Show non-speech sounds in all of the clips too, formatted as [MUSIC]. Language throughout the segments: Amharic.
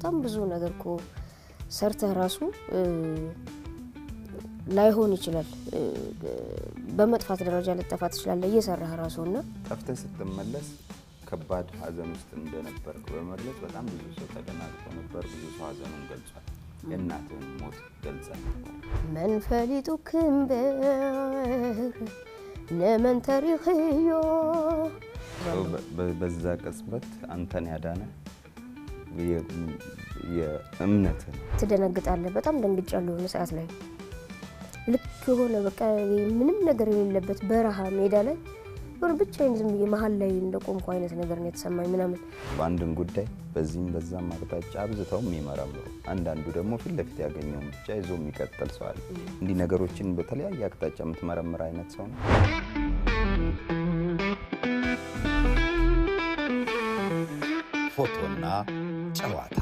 በጣም ብዙ ነገር ኮ ሰርተህ ራሱ ላይሆን ይችላል። በመጥፋት ደረጃ ልጠፋ ትችላለህ እየሰራህ ራሱ እና ጠፍተህ ስትመለስ ከባድ ሀዘን ውስጥ እንደነበር በመግለጽ በጣም ብዙ ሰው ተደናግጦ ነበር። ብዙ ሰው ሀዘኑን ገልጿል። የእናትህን ሞት ገልጸል መንፈሊጡ ክንበር ነመንተሪ በዛ ቅጽበት አንተን ያዳነ የእምነት ትደነግጣለህ። በጣም ደንግጫለሁ የሆነ ሰዓት ላይ ልክ የሆነ በቃ ምንም ነገር የሌለበት በረሃ ሜዳ ላይ ወር ብቻዬን ዝም ብዬ መሀል ላይ እንደቆምኩ አይነት ነገር ነው የተሰማኝ ምናምን። በአንድን ጉዳይ በዚህም በዛም አቅጣጫ አብዝተው የሚመረምሩ አንዳንዱ ደግሞ ፊት ለፊት ያገኘውን ብቻ ይዞ የሚቀጥል ሰው አለ። እንዲህ ነገሮችን በተለያየ አቅጣጫ የምትመረምር አይነት ሰው ነው። ፎቶና ጨዋታ።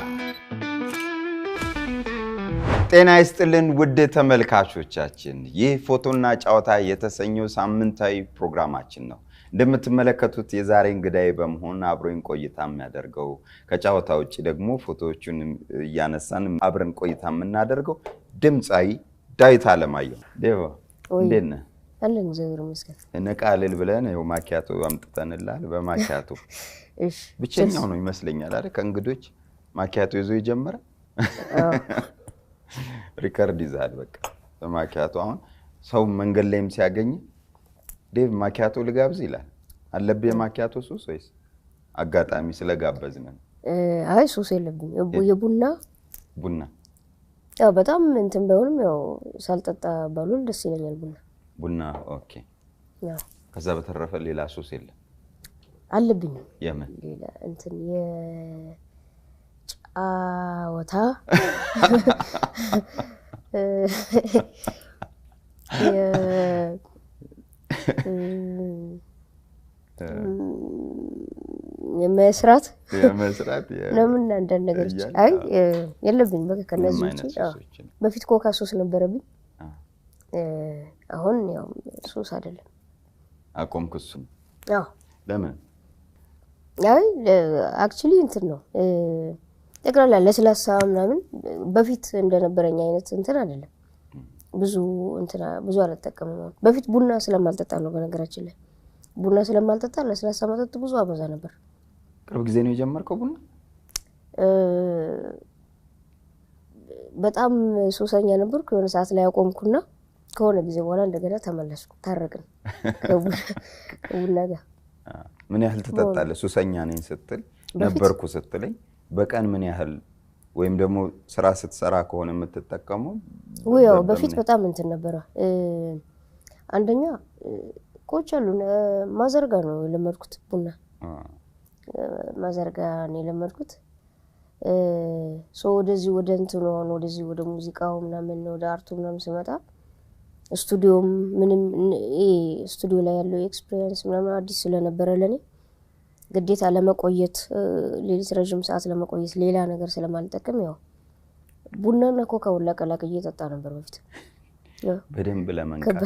ጤና ይስጥልን ውድ ተመልካቾቻችን፣ ይህ ፎቶና ጨዋታ የተሰኘው ሳምንታዊ ፕሮግራማችን ነው። እንደምትመለከቱት የዛሬ እንግዳዬ በመሆን አብሮኝ ቆይታ የሚያደርገው ከጨዋታ ውጭ ደግሞ ፎቶዎቹን እያነሳን አብረን ቆይታ የምናደርገው ድምፃዊ ዳዊት አለማየሁ ዴቫ፣ እንዴት ነህ? አለን እግዚአብሔር ይመስገን። ነቃ ብለን ይኸው ማኪያቶ አምጥተንላል። በማኪያቶ [LAUGHS] ብቸኛው ነው ይመስለኛል አይደል ከእንግዶች ማኪያቶ ይዞ የጀመረ ሪከርድ ይዛል። በቃ ማኪያቶ አሁን ሰው መንገድ ላይም ሲያገኝ ዴቭ ማኪያቶ ልጋብዝ ይላል። አለብህ የማኪያቶ ሱስ ወይስ አጋጣሚ ስለጋበዝነን? አይ ሱስ የለብኝ። የቡና ቡና ያው በጣም እንትን ባይሆንም ያው ሳልጠጣ ባሉል ደስ ይለኛል። ቡና ቡና። ኦኬ። ከዛ በተረፈ ሌላ ሱስ የለም አለብኝ። የምን እንትን አዎታ የመስራት የመስራት ለምን አንዳንድ ነገሮች አይ የለብኝ በቃ ከነዚህ ውጪ በፊት ኮካ ሶስ ነበረብኝ። አሁን ያው ሶስ አይደለም አቆምኩ። እሱን ለምን አይ አክቹሊ እንትን ነው ጠቅላላ ለስላሳ ምናምን በፊት እንደነበረኝ አይነት እንትን አይደለም። ብዙ እንትና ብዙ አልጠቀምም። በፊት ቡና ስለማልጠጣ ነው። በነገራችን ላይ ቡና ስለማልጠጣ ለስላሳ መጠጥ ብዙ አበዛ ነበር። ቅርብ ጊዜ ነው የጀመርከው ቡና? በጣም ሶሰኛ ነበርኩ። የሆነ ሰዓት ላይ አቆምኩና ከሆነ ጊዜ በኋላ እንደገና ተመለስኩ። ታረቅን ቡና [LAUGHS] ጋር። ምን ያህል ትጠጣለህ? ሱሰኛ ነኝ ስትል ነበርኩ ስትለኝ በቀን ምን ያህል ወይም ደግሞ ስራ ስትሰራ ከሆነ የምትጠቀመው? ያው በፊት በጣም እንትን ነበረ። አንደኛ ኮች አሉ ማዘርጋ ነው የለመድኩት፣ ቡና ማዘርጋ ነው የለመድኩት። ወደዚህ ወደ እንትን አሁን ወደዚህ ወደ ሙዚቃው ምናምን ወደ አርቱ ምናምን ስመጣ ስቱዲዮም ምንም ስቱዲዮ ላይ ያለው ኤክስፔሪንስ ምናምን አዲስ ስለነበረ ለእኔ ግዴታ ለመቆየት ሌሊት ረዥም ሰዓት ለመቆየት ሌላ ነገር ስለማልጠቅም ያው ቡናና ኮካውን ላቀላቅዬ እየጠጣ ነበር በፊት። በደንብ ለመንቃት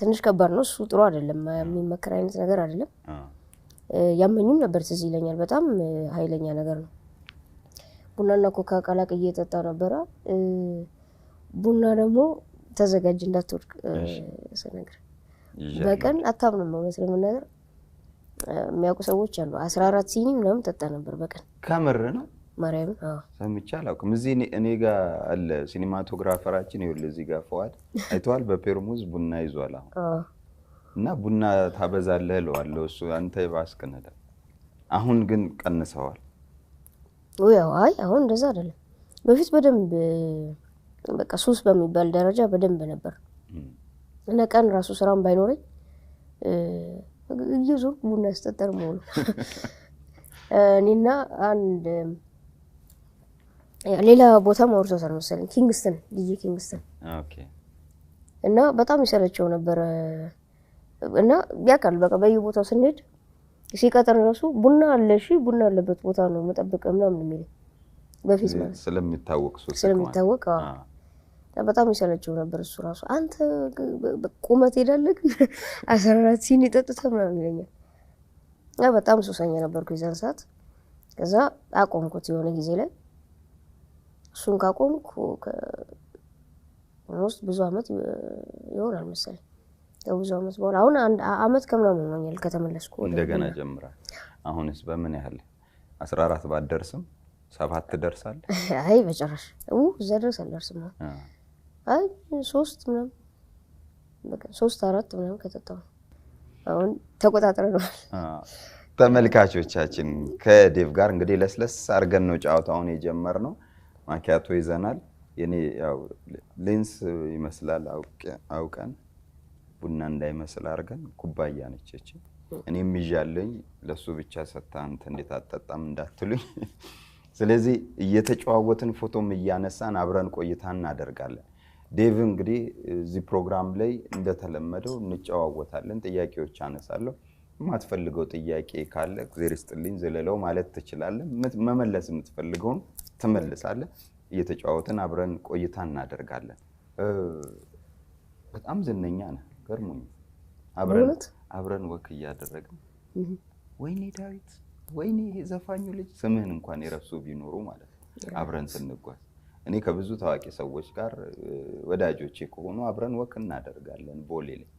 ትንሽ ከባድ ነው እሱ። ጥሩ አይደለም፣ የሚመከር አይነት ነገር አይደለም። ያመኝም ነበር፣ ትዝ ይለኛል። በጣም ሀይለኛ ነገር ነው። ቡናና ኮካ ቀላቅዬ እየጠጣ ነበረ። ቡና ደግሞ ተዘጋጅ እንዳትወድቅ ስነግር በቀን አታምንም እውነት ነገር የሚያውቁ ሰዎች አሉ። አስራ አራት ሲኒ ምናምን ጠጣ ነበር በቀን ከምር ነው ማርያም ሰምቼ አላውቅም። እዚህ እኔ ጋ አለ ሲኒማቶግራፈራችን ይኸውልህ፣ እዚህ ጋ ፈዋድ አይተዋል። በፔርሙዝ ቡና ይዟል አሁን እና ቡና ታበዛለህ እለዋለሁ። እሱ አንተ የባስክ አሁን ግን ቀንሰዋል። ያው አይ አሁን እንደዛ አይደለም። በፊት በደንብ በቃ ሱስ በሚባል ደረጃ በደንብ ነበር እና ቀን ራሱ ስራም ባይኖረኝ እየዞርኩ ቡና ስጠጠር መሆኑ [LAUGHS] እኔና አንድ ሌላ ቦታ ማውርቶታል መሰለኝ ኪንግስተን ልዬ ኪንግስተን እና በጣም ይሰለቸው ነበረ እና ያውቃል በቃ በየቦታው ስንሄድ ሲቀጥር ራሱ ቡና አለ እሺ ቡና አለበት ቦታ ነው መጠበቅ ምናምን የሚለኝ በፊት ስለሚታወቅ ስለሚታወቅ በጣም ይሰለችው ነበር እሱ ራሱ። አንተ ቁመት ሄዳለግ ግን አስራ አራት ሲኒ ጠጥተህ ምናምን ይለኛል። በጣም ሱሰኛ ነበርኩ የዛን ሰዓት። ከዛ አቆምኩት የሆነ ጊዜ ላይ። እሱን ካቆምኩ ውስጥ ብዙ አመት ይሆናል መሰለኝ። ከብዙ አመት በኋላ አሁን አንድ አመት ከምናምን ሆኛል ከተመለስኩ እንደገና ጀምራል። አሁንስ በምን ያህል አስራ አራት ባትደርስም ሰባት ትደርሳለህ? አይ በጭራሽ እዛ ድረስ አልደርስም። አይ ሶስት ምናምን በቃ ሶስት አራት ምናምን ከጠጣሁ አሁን ተቆጣጥረነዋል። ተመልካቾቻችን ከዴቭ ጋር እንግዲህ ለስለስ አድርገን ነው ጨዋታውን የጀመርነው። ማኪያቶ ይዘናል። የኔ ያው ሌንስ ይመስላል አውቀን ቡና እንዳይመስል አድርገን ኩባያ ነች። እኔም ይዣለኝ ለሱ ብቻ ሰታ አንተ እንዴት አጠጣም እንዳትሉኝ። ስለዚህ እየተጨዋወትን ፎቶም እያነሳን አብረን ቆይታ እናደርጋለን። ዴቭ እንግዲህ እዚህ ፕሮግራም ላይ እንደተለመደው እንጨዋወታለን። ጥያቄዎች አነሳለሁ። የማትፈልገው ጥያቄ ካለ እግዜር ይስጥልኝ ዘለለው ማለት ትችላለን። መመለስ የምትፈልገውን ትመልሳለህ። እየተጫወትን አብረን ቆይታ እናደርጋለን። በጣም ዝነኛ ነህ፣ ገርሞኝ አብረን ወክ እያደረግን ወይኔ ዳዊት፣ ወይኔ ዘፋኙ ልጅ ስምህን እንኳን የረሱ ቢኖሩ ማለት ነው አብረን ስንጓዝ እኔ ከብዙ ታዋቂ ሰዎች ጋር ወዳጆቼ ከሆኑ አብረን ወክ እናደርጋለን ቦሌ ላይ።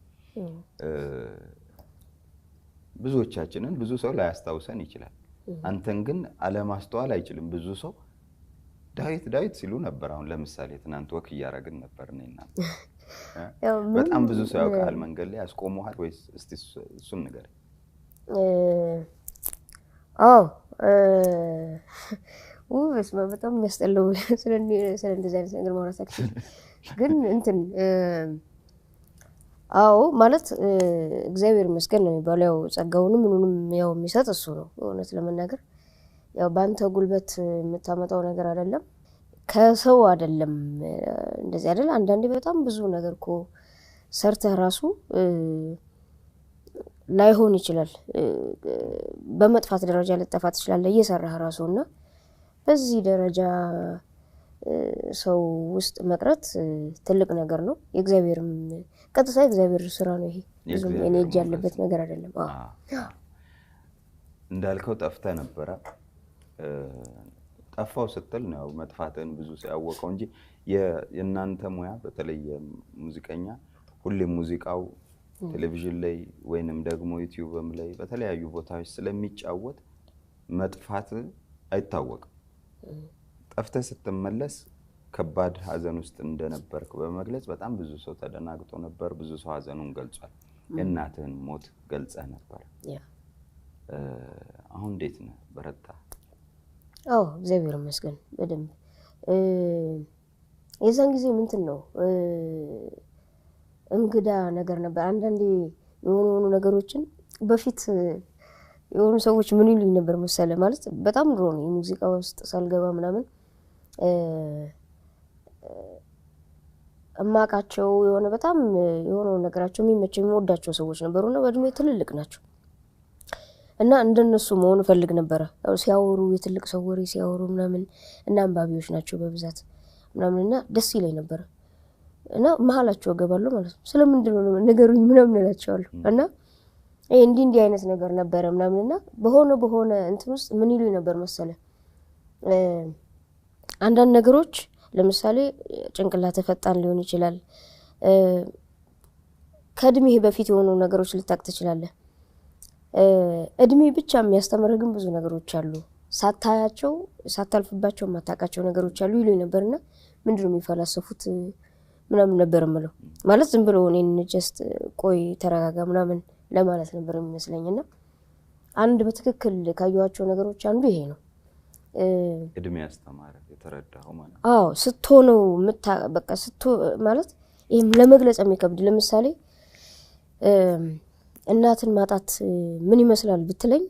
ብዙዎቻችንን ብዙ ሰው ላያስታውሰን ይችላል። አንተን ግን አለማስተዋል አይችልም። ብዙ ሰው ዳዊት ዳዊት ሲሉ ነበር። አሁን ለምሳሌ ትናንት ወክ እያደረግን ነበር እኔና [LAUGHS] በጣም ብዙ ሰው ያውቃል። መንገድ ላይ አስቆመሃል ወይስ? እስቲ እሱን ንገረኝ። በስመ አብ በጣም የሚያስጠላው [LAUGHS] ስለ እንደዚህ አይነት ነገር ማውራት ግን እንትን አዎ ማለት እግዚአብሔር ይመስገን ነው የሚባለው። ያው ጸጋውንም ምኑንም ያው የሚሰጥ እሱ ነው። እውነት ለመናገር ያው በአንተ ጉልበት የምታመጣው ነገር አይደለም፣ ከሰው አይደለም። እንደዚህ አይደል? አንዳንዴ በጣም ብዙ ነገር እኮ ሰርተህ ራሱ ላይሆን ይችላል። በመጥፋት ደረጃ ልጠፋ ትችላለህ እየሰራህ ራሱ እና በዚህ ደረጃ ሰው ውስጥ መቅረት ትልቅ ነገር ነው። የእግዚአብሔርም ቀጥታ የእግዚአብሔር ስራ ነው ይሄ። ብዙም እኔ እጅ ያለበት ነገር አይደለም። እንዳልከው ጠፍተ ነበረ። ጠፋው ስትል ነው መጥፋትን ብዙ ሲያወቀው እንጂ የእናንተ ሙያ በተለይ ሙዚቀኛ ሁሌም ሙዚቃው ቴሌቪዥን ላይ ወይንም ደግሞ ዩቲዩብም ላይ በተለያዩ ቦታዎች ስለሚጫወት መጥፋት አይታወቅም። ጠፍተህ ስትመለስ ከባድ ሀዘን ውስጥ እንደነበርክ በመግለጽ በጣም ብዙ ሰው ተደናግጦ ነበር። ብዙ ሰው ሀዘኑን ገልጿል። የእናትህን ሞት ገልጸህ ነበር። አሁን እንዴት ነህ? በረታ? አዎ እግዚአብሔር ይመስገን በደንብ። የዛን ጊዜ ምንትን ነው እንግዳ ነገር ነበር። አንዳንዴ የሆኑ የሆኑ ነገሮችን በፊት የሆኑ ሰዎች ምን ይሉኝ ነበር መሰለ ማለት በጣም ድሮ ነው የሙዚቃ ውስጥ ሳልገባ ምናምን እማቃቸው የሆነ በጣም የሆነው ነገራቸው የሚመቸው የሚወዳቸው ሰዎች ነበሩና በእድሜ ትልልቅ ናቸው እና እንደነሱ መሆን እፈልግ ነበረ። ሲያወሩ የትልቅ ሰው ወሬ ሲያወሩ ምናምን እና አንባቢዎች ናቸው በብዛት ምናምን እና ደስ ይለኝ ነበረ እና መሀላቸው እገባለሁ ማለት ነው። ስለምንድን ነው ነገሩኝ ምናምን እላቸዋለሁ እና እንዲህ እንዲህ አይነት ነገር ነበረ ምናምን በሆነ በሆነ እንትን ውስጥ ምን ይሉ ነበር መሰለ አንዳንድ ነገሮች ለምሳሌ ጭንቅላት ፈጣን ሊሆን ይችላል። ከእድሜህ በፊት የሆኑ ነገሮች ልታቅ ትችላለህ። እድሜ ብቻ የሚያስተምር ግን ብዙ ነገሮች አሉ፣ ሳታያቸው ሳታልፍባቸው የማታውቃቸው ነገሮች አሉ ይሉኝ ነበርና ምንድነው የሚፈላሰፉት ምናምን ነበር ምለው ማለት ዝም ብሎ እኔን ጀስት ቆይ ተረጋጋ ምናምን ለማለት ነበር የሚመስለኝ እና አንድ በትክክል ካየኋቸው ነገሮች አንዱ ይሄ ነው። እድሜ ያስተማረ የተረዳው ማለት አዎ፣ ስትሆነው በቃ ስቶ ማለት ይህም ለመግለጽ የሚከብድ ለምሳሌ እናትን ማጣት ምን ይመስላል ብትለኝ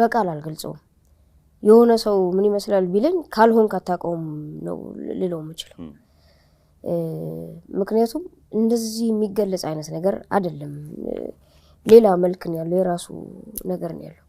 በቃል አልገልጸውም። የሆነ ሰው ምን ይመስላል ቢለኝ ካልሆን ካታውቀውም ነው ልለው የምችለው። ምክንያቱም እንደዚህ የሚገለጽ አይነት ነገር አይደለም። ሌላ መልክ ነው ያለው፣ የራሱ ነገር ነው ያለው።